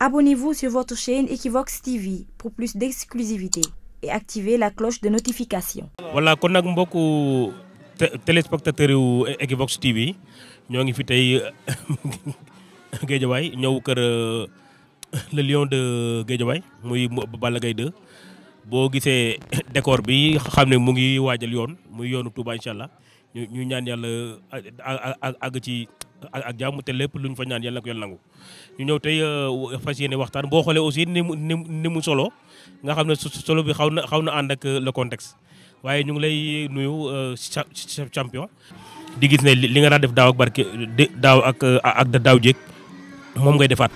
Abonnez-vous sur votre chaîne Equivox TV pour plus d'exclusivité et activez la cloche de notification. kon nag mbokku téléspectateurs yu Equivox TV ñoo ngi fi tey Guédiawaye ñëw kër le lion de Guédiawaye muy Balla Gaye boo gisee décor bi xam ne mu ngi waajal yoon muy yoonu Touba incha allah. ñu ñaan yàlla àgg ci ak jàmm te lépp lu ñu fa ñaan yàlla na ko yàlla ñu ñëw tey euh, fas yéene waxtaan boo xoolee aussi ni mu ni mu solo nga xam ne solo bi xaw na xaw na ànd ak euh, le contexte waaye ñu ngi lay euh, nuyu champion di gis na li nga daan def daaw ak barke daaw ak ak daaw jéeg moom ngay defaat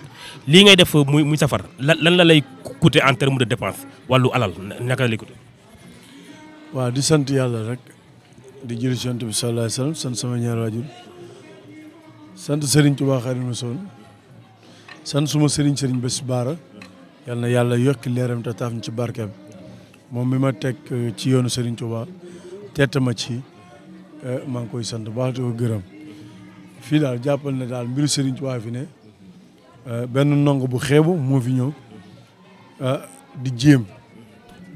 lii ngay def muy muy safar lan la lay coûter en terme de dépense wàllu alal naka la lay coûter waaw di sant yàlla rek di jël si yonent bi sallallahu alayhi wasallam sant sama ñaar waajur sant Serigne Touba Xaadimu Rasuul sant suma Serigne Serigne Bass Baara yal na yàlla yokki leeram te taaf ñu ci barkeem moom mi ma teg euh, ci yoonu Serigne Touba tett ma ci euh, maa ngi koy sant baax gërëm fii daal jàppal ne daal mbiru Serigne Touba fi ne euh, benn ndongo bu xeebu moo fi ñëw di jéem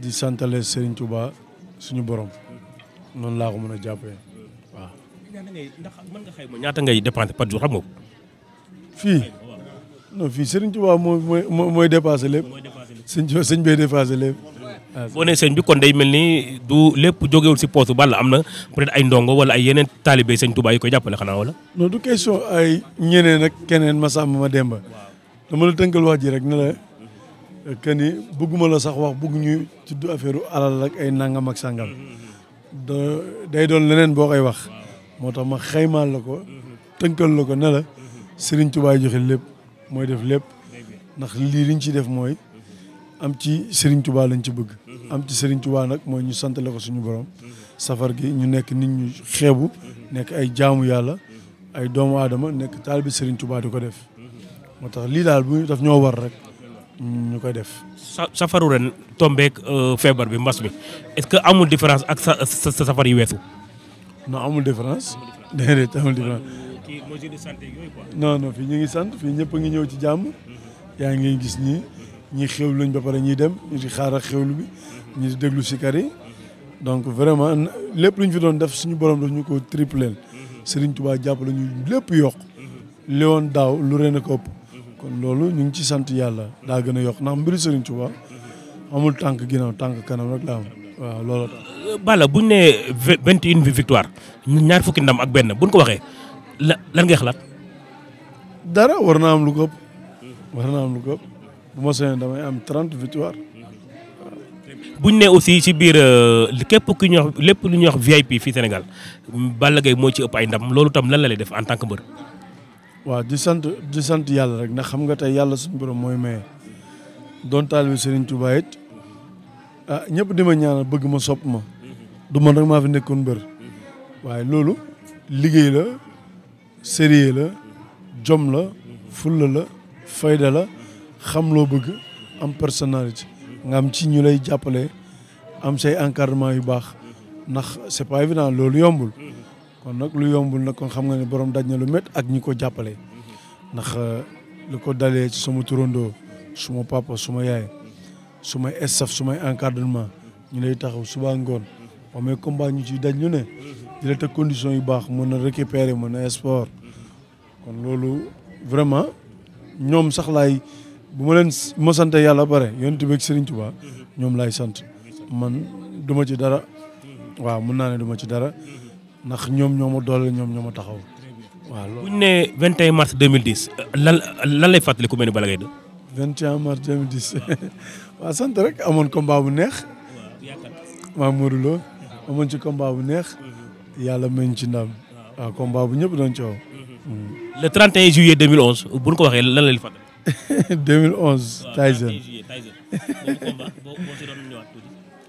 di santale Serigne Touba suñu borom. noonu laa ko mën a jàppee waaw. ndax mën nga ñaata ngay dépensé par jour xam nga fii non fii Serigne Touba mooy mooy mooy dépassé lépp. sëñ sëñ bee dépassé lépp. boo nee sëñ bi kon day mel ni du lépp jógewul si poosu Balla am na peut ay ndongo wala ay yeneen taalibe sëñ Touba yi koy jàppale xanaa wala. non du question ay ñeneen ak ma sàmm ma demba dama la tënkal wax ji rek ne la que ni bëgguma la sax wax bëgg ñuy du affaire alal ak ay nangam ak sangam. Mm-hmm. day doon leneen boo koy wax moo tax ma xaymaal la ko tënkal la ko nela sëriñ Serigne joxe lépp mooy def lépp ndax lii liñ ci def mooy am ci Serigne Touba lañ ci bëgg am ci Serigne Touba nag mooy ñu santale ko suñu borom safar gi ñu nekk nit ñu xeebu nekk ay jaamu yàlla ay doomu aadama nekk taalibe Serigne Touba di ko def moo tax lii daal bu daf ñoo war rek ñu koy def. sa safaru ren tombeek euh, feebar bi mbas bi est-ce que amul différence ak sa sa safar yi weesu. no amul différence. déedéet amul différence. kii mesure de santé ñu ngi sant fii ñëpp ngi ñëw ci jàmm. Mhm. yaa ngi gis ñii ñi xewlu lañ ba pare ñuy dem ñu di xaaral xewlu bi. Mhm. ñu di déglu sikar yi. donc vraiment lépp lu ñu fi doon def suñu borom daf ñu ko si mhm. Serigne Touba jàppale ñu lépp yokk. li woon daaw lu ren a ko ëpp. kon loolu ñu ngi ci sant yàlla daa gën a yokk ndax mbiru Serigne Touba amul tànk ginnaaw tànk kanam rek la am waaw loolu tax. Balla bu ñu vingt une victoire ñaar fukki ndam ak benn bu ñu ko waxee la lan ngay xalaat. dara war naa am lu ko ëpp war am lu bu ma seen damay am trente victoire. bu ñu nee aussi ci biir euh, képp ku ñuy wax lépp lu ñuy wax VIP fii Sénégal bala Gaye moo ci ëpp ay ndam loolu tam lan la lay def en tant que mbër. waaw di sant di sant yàlla rek ndax xam nga tey yàlla suñu borom mooy maye doon taal bi Serigne ah ñëpp di ma ñaanal bëgg ma sopp ma du man rek maa fi nekkoon bër waaye loolu liggéey la sérieux la jom la fulla la fayda la xam loo bëgg am personnalité nga am ci ñu lay jàppale am say encadrement yu baax ndax c'est pas évident loolu yombul kon nag lu yombul nag kon xam nga ne borom daj na lu métti ak ñi ko jàppale ndax euh, lu ko dalee ci sama turandoo suma papa suma yaay suma staff sumay encadrement ñu lay taxaw suba ngoon amee combat ñu ci daj ñu ne di la teg condition yu baax mën a récupérer mën a sport kon loolu vraiment ñoom sax laay bu ma leen ma sant yàlla bare yonent bi ak Serigne Touba ñoom laay sant man duma ci dara waaw mën naa ne duma ci dara ndax ñoom ñoo ma doole ñoom ñoo taxaw. waaw loolu bu ñu nee 21 mars 2010 lan lan lay fàttali ku mel ni Balla Gaye 2. 21 mars 2010 waaw sant rek amoon combat bu neex. waaw Modou Lo amoon ci combat bu neex. yàlla meñ ci ndam. waaw combat bu ñëpp doon coow. Mm. le 31 juillet 2011 bu ñu ko waxee lan lay fàttali. 2011 Tyson.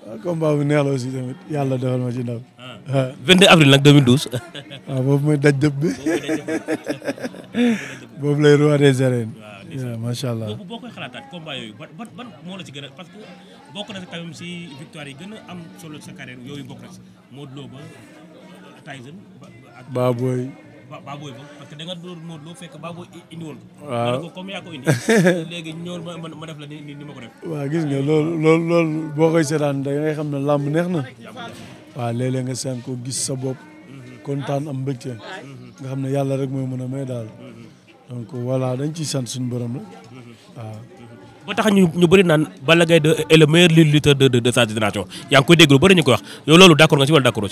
waaw combat bu neex la yàlla defal ma ci ndaw. 22 ah. avril nag 2012. waaw boobu mooy daj dëpp bi boobu lay roi des arènes. waaw allah boobu boo koy xalaataat combat yooyu ban ci gën parce que bokk na si victoire yi gën am solo sa carrière yooyu bokk na si Modou Lo ba Tyson. ba Baboy ba parce que da nga dóor Modou Lo fekk Baboy indi ko léegi ñëw ma ma def la ni ni ma ko def waaw gis nga loolu loolu loolu boo koy seetaan da ngay xam ne làmb neex na waaw léeg nga seen ko gis sa bopp mhm. kontaan am mbégte mhm. nga xam ne yàlla rek mooy mën a may daal mhm. donc voilà dañ ciy sant suñu borom la waaw ba tax ñu ñu bëri naan Balla Gaye de est le meilleur lutteur de de sa génération yaa ngi koy dégg lu bëri ñu koy loolu d'accord nga ci wala d'accord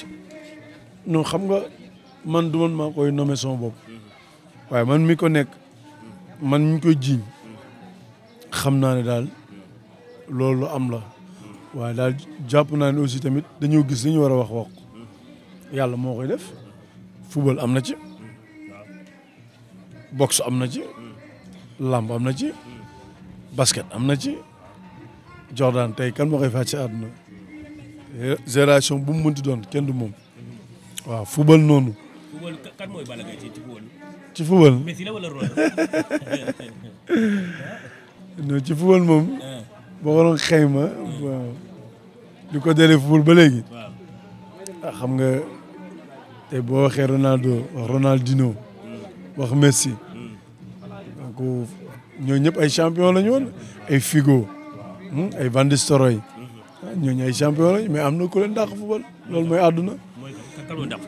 man du man maa koy nommé sama bopp waaye man mi ko nekk man mi ko jiiñ xam naa ne daal loolu am la waaye daal jàpp naa ne aussi tamit dañoo gis li ñu war a wax wax yàlla moo koy def football am na ci boxe am na ci làmb am na ci basket am na ci Jordan tey kan ma koy fàcc ci àdduna génération bu mu mënti doon kenn du moom waaw football noonu football kan mooy Balla Gaye ci football. ci football Messi la wala ah. xayma. Ah. waaw ko deelee football ba léegi. Ah, nga tey boo waxee Ronaldo Ronaldinho hmm. wax Messi. Hmm. donc ñooñu ñëpp ay champion la ñu woon ay Figo hmm, ay Van Nistelrooy ñooñu ay champion mais am na ku football loolu mooy àdduna.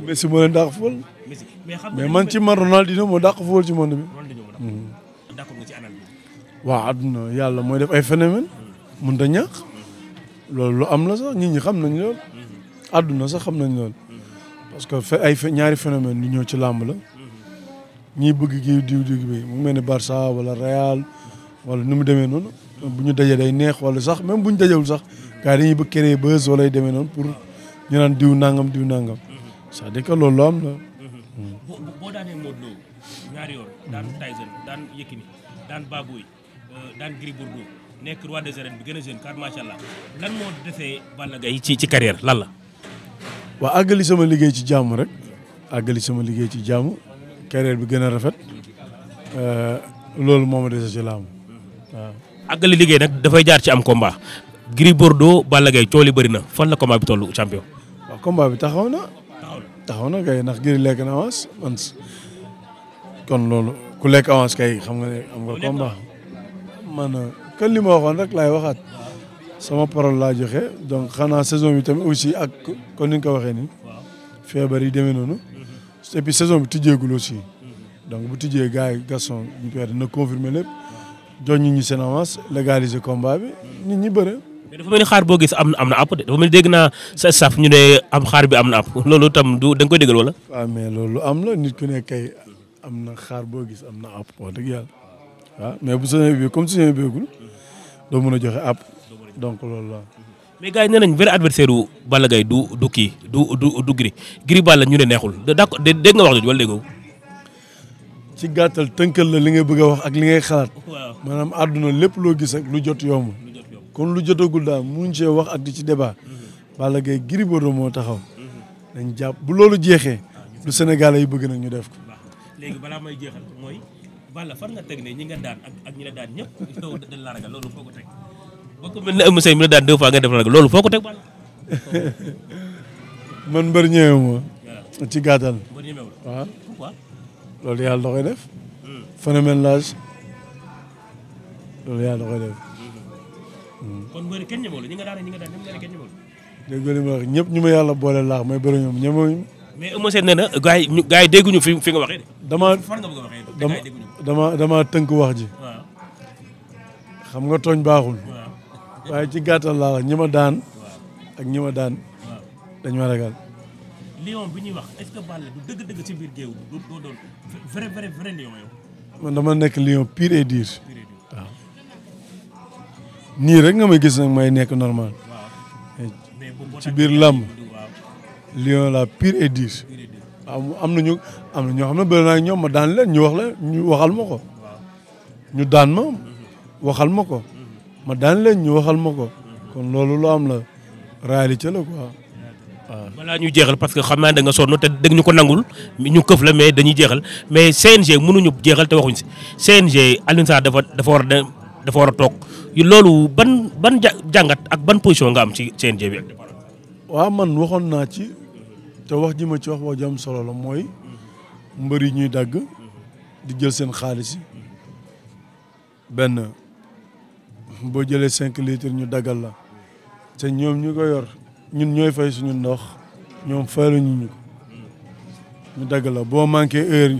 Messi moo leen football. musique mais man ci man Ronaldinho moo dàq football ci monde bi. Hmm. d'accord nga ci anam bi. waaw àdduna yàlla mooy def ay phénomène hmm. mënut a ñàkk. loolu lu am la sax nit ñi xam nañ loolu. Hmm. sax xam nañ loolu. parce que fe ay ñaari phénomène yu ñëw ci làmb la. ñiy bëgg diw diw bi mu mel ni Barça wala Real wala nu mu demee noonu. bu ñu dajee day neex wala sax même bu ñu wul sax gars yi dañuy bëgg créer buzz wala demee noonu pour ñu naan diw nangam diw nangam. c'est-à-dire am la. boo boo daanee Modou Lo ñaari yoon daan Tyson daan Yékini daan Baboy euh, daan Gris Bordeaux nekk roi des arènes bi gën a jeune car macha allah lan moo defee Balla Gaye ci ci carrière lan la. waaw àggali sama liggéey ci jàmm rek àggali sama liggéey ci jàmm bi gën a rafet euh, loolu moo ma dese ci laamu waaw. liggéey nag dafay jaar ci am combat Gris Bordeaux Balla Gaye coow li bëri na fan la combat bi tollu champion. waaw combat bi taxaw na. taxaw na kay ndax Gris lekk na avance man kon loolu ku lekk avance kay xam nga ne am nga combat man kan euh, li rek laay waxaat sama parole laa joxe donc xanaa saison bi tamit aussi ak kon ni nga ko waxee nii feebar yi demee noonu mhm. et puis saison bi tijjeegul aussi mhm. donc bu tijjee gars yi Gaston ñu perd na confirmer lépp jox ñu ñu avance légaliser combat bi mhm. nit ñi bëre. mais dafa mel ni xaar boo gis am na am na àpp de dafa mel ni naa sa saf ñu ne am xaar bi am na àpp loolu tam du da nga koy déggal wala. waaw mais loolu am la nit ku ne kay am na xaar boo gis am na àpp wax dëgg yàlla mais bu sañoon bi comme sañoon beegul doo mun a joxe àpp donc loolu la. mais gars yi nee nañ vrai adversaire wu Balla Gaye du du kii du du du Gris Gris Balla ñu ne neexul d'accord dégg nga wax jooju wala déggoo. ci gàttal tënkal la li ngay bëgg wax ak li ngay xalaat. waaw maanaam àdduna lépp loo gis ak lu jot yomb kon lu jotagul daal mu cee wax ak di ci débat Balla Gaye Gris Bordeaux moo taxaw dañ jàpp bu loolu jeexee lu Sénégalais yi bëgg nag ñu def ko. léegi balaa may jeexal mooy Balla fan nga ne ñi nga daan ak ak ñi la daan ñëpp loolu foo ko teg boo ko mel loolu foo ko teg Balla man mbër ñëwee ma ci gàttal waaw ah. loolu yàlla da koy def hmm. phénomène loolu yàlla da koy kon mbëri kenn ñemoo ñi nga dégg li ma wax ñëpp ñu ma yàlla boole laax may bëri ñoom ñemooñu mais Eumeu Sène nee na gars yi gars yi dégguñu fi fi nga waxee de dama dama dama tënk wax ji xam nga tooñ baaxul waaye ci gàttal laa wax ñi ma daan ak ñi ma daan dañu ma ragal lion bi ñuy wax est-ce que du dëgg-dëgg ci biir géew du doo doon dama nekk lion pur et dur nii rek nga may gis nag may nekk normal ci biir làmb lion la pire et dure waaw am na na ñoo xam ne bëri naa ñoom ma daan leen ñu wax la waxal ma ko ñu daan ma waxal ma ko ma daan leen ñu waxal ma ko kon loolu lu am la réalité la quoi waaw. jeexal parce que xam naa da nga sonn te dëgg ñu ko nangul ñu këf la mais dañuy jeexal mais CNG mënuñu jeexal te waxuñ si CNG Alioune Sarr dafa dafa war a dafa war a toog loolu ban ban jàngat ak ban position nga am ci CNG waa man waxoon naa ci te wax ji ma ci wax wax ji solo la mooy mbër yi ñuy dagg di jël seen xaalis benn boo jëlee cinq litres ñu daggal la te ñoom ñu ko yor ñun ñooy fay suñu ndox ñoom fayaluñu ñu dagg la boo manqué heure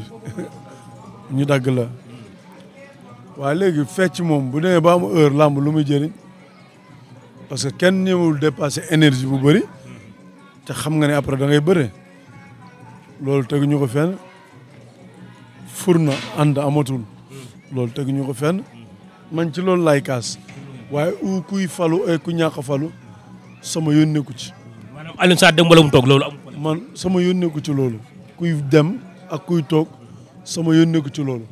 ñu dagg la. waaw léegi fecc moom bu demee ba am heure làmb lu muy jëriñ parce que kenn ñëwul dépasser énergie bu bëri te xam nga ne après da ngay bëre loolu teguñu ko fenn furna ànd amatul loolu teguñu ko fenn man ci loolu laay kaas waaye u kuy falu ay eh, ku ñàkk falu sama yónneeku ci. maanaam Alioune Sarr dem mu toog loolu am. sama yónneeku ci loolu kuy dem ak kuy toog sama yónneeku ci loolu.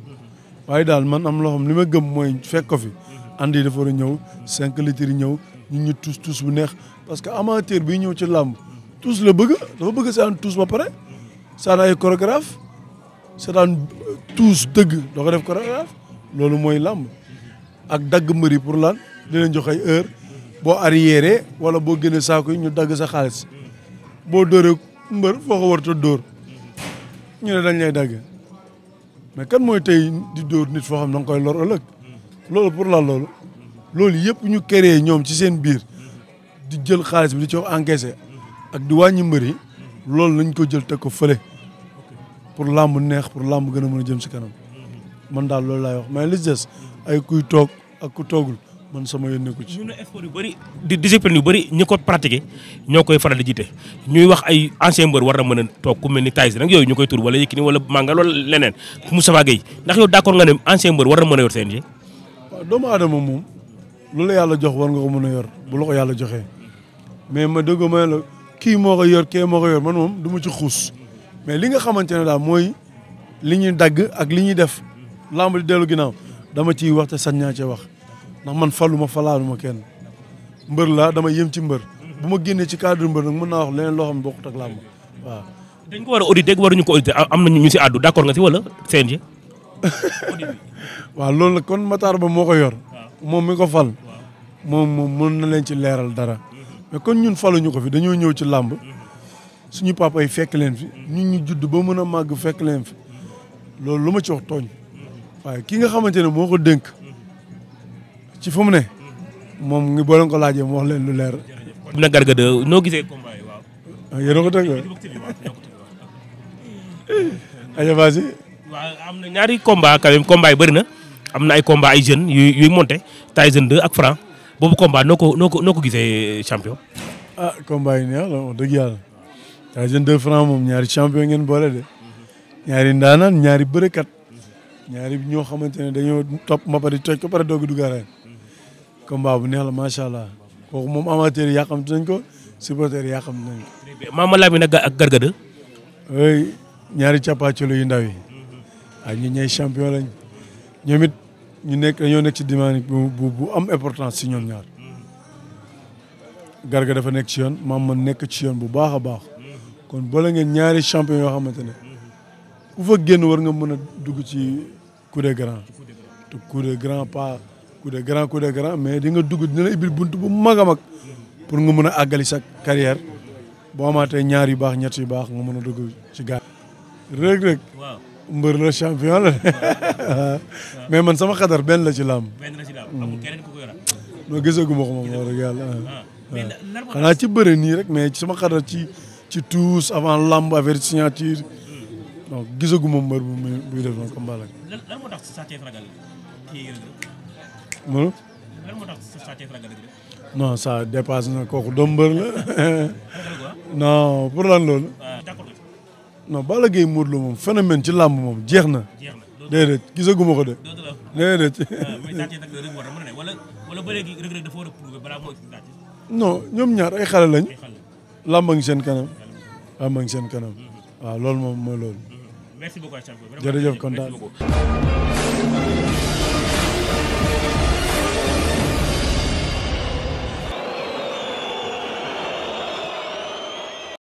waaye daal man am loo xam li ma gëm mooy fekk ko fi ànd yi dafa a ñëw cinq litres yi ñëw ñu ñu tous tous bu neex parce que amateur bi ñëw ci làmb tous la bëgg dafa bëgg seetaan tous ba pare seetaan ay chorégraphe seetaan tous dëgg doo ko def chorégraphe loolu mooy làmb ak dagg mbëri pour lan di leen jox heure boo arriéré wala boo génnee saako yi ñu dagg sa xaalis boo dóoree mbër foo ko warta dóor ñu ne dañ lay dagg mais kan mooy tey di dóor nit foo xam da nga koy lor ëllëg loolu pour la lool loolu yëpp ñu créé ñoom ci seen biir di jël xaalis bi di ci encaissé ak di wàññi mbër yi loolu lañ ko jël teg ko fële pour làmb neex pour làmb gën a mën a jëm si kanam man daal loolu laay wax mais li des ay kuy toog ak ku toogul man sama yoon nekku ci. ñu ne sport yu bëri di discipline yu bëri ñi ko pratiqué ñoo koy faral di jiite ñuy wax ay ancien mbër war na mën a toog ku mel ni Tyson nag yooyu ñu koy tur wala Yékini wala Manga wala leneen Moustapha Gueye ndax yow d'accord nga ne ancien mbër war na mën a yor CNG. waaw doomu aadama moom loolu la yàlla jox war nga ko mën a yor bu la ko yàlla joxee mais ma dëgg ma la kii moo ko yor kee moo ko yor man moom du ma ci xuus mais li nga xamante ne daal mooy li ñuy dagg ak li ñuy def lamb di dellu ginnaaw dama ciy wax sañ naa cee wax ndax man faluma falaaluma kenn mbër laa dama yem ci mbër bu ma génnee ci cadre mbër nag mën naa wax leneen loo xam ne bokkut waaw. dañ ko war a auditer dégg waruñu ko auditer am na ñu si àddu d'accord nga si wala CNG. waaw loolu nag kon Matar Ba moo ko yor. moom mi ko fal. moom moom na leen ci leeral dara. mais kon ñun faluñu ko fi dañoo ñëw ci làmb suñu papa yi fekk leen fi ñun ñu judd ba mën a màgg fekk leen fi loolu lu ma ci wax tooñ mm-hmm. waaye ki nga xamante ne moo ko dénk. ci fu mu ne moom ngi boo leen ko laajee mu wax leen lu leer. na Garga de noo gisee combat yi ah, ko tëgg. aywa am na ñaari combat quand même combat na am na ay combat ay jeunes yu yuy monté Tyson 2 ak Franc boobu combat noo ko noo ko gise ko gisee champion. ah combat yi neex la wax dëgg yàlla Tyson 2 Franc moom ñaari champion ngeen boole de ñaari ndaanaan ñaari bërëkat ñaari ñoo xamante ne dañoo topp ma pare toj ko pare doog combat bu neex la macha allah kooku moom amateur yi yàqamti nañ ko supporter yi yàqamti nañ ko. Mama Lamine ak Garga ay ñaari cappaaculu yu ndaw yi ak ñu ñooy champion lañ ñoom it ñu nekk dañoo nekk ci dynamique bu bu am importance si ñoom ñaar Garga dafa nekk ci yoon Mama nekk ci yoon bu baax a baax kon boole ngeen ñaari champion yoo xamante ne ku fa génn war nga mën a dugg ci coup de grand te coup de grand pas. coup de grand coup mais di nga dugg dina la ibbil bunt mag a mag pour nga mën a àggali sa carrière boo amaatee ñaar baax ñett yu baax nga mën a dugg ci gaal. Reug mbër la champion la mais man sama xadar benn la ci làmb. benn la ci làmb mm. amul keneen ma ko moom wax yàlla. waaw ah. ah. ah. xanaa ci bëre nii rek mais sama xadar ci ci tous avant làmb affaire signature. donc mm. gisagu ma mbër bu muy buy def lan moo tax Sa Thiès ragal non ça dépasse kooku doom mbër la. non pour lan bala ah, non Balla Gaye Modou ci làmb moom jeex na. jeex na déedéet gisaguma ko de. déedéet. Ah, non ñoom ñaar ay xale lañ. làmb seen kanam. làmb a ngi seen kanam. Mm-hmm. waaw loolu moom mooy loolu. Mm-hmm. merci beaucoup jërëjëf kontaan.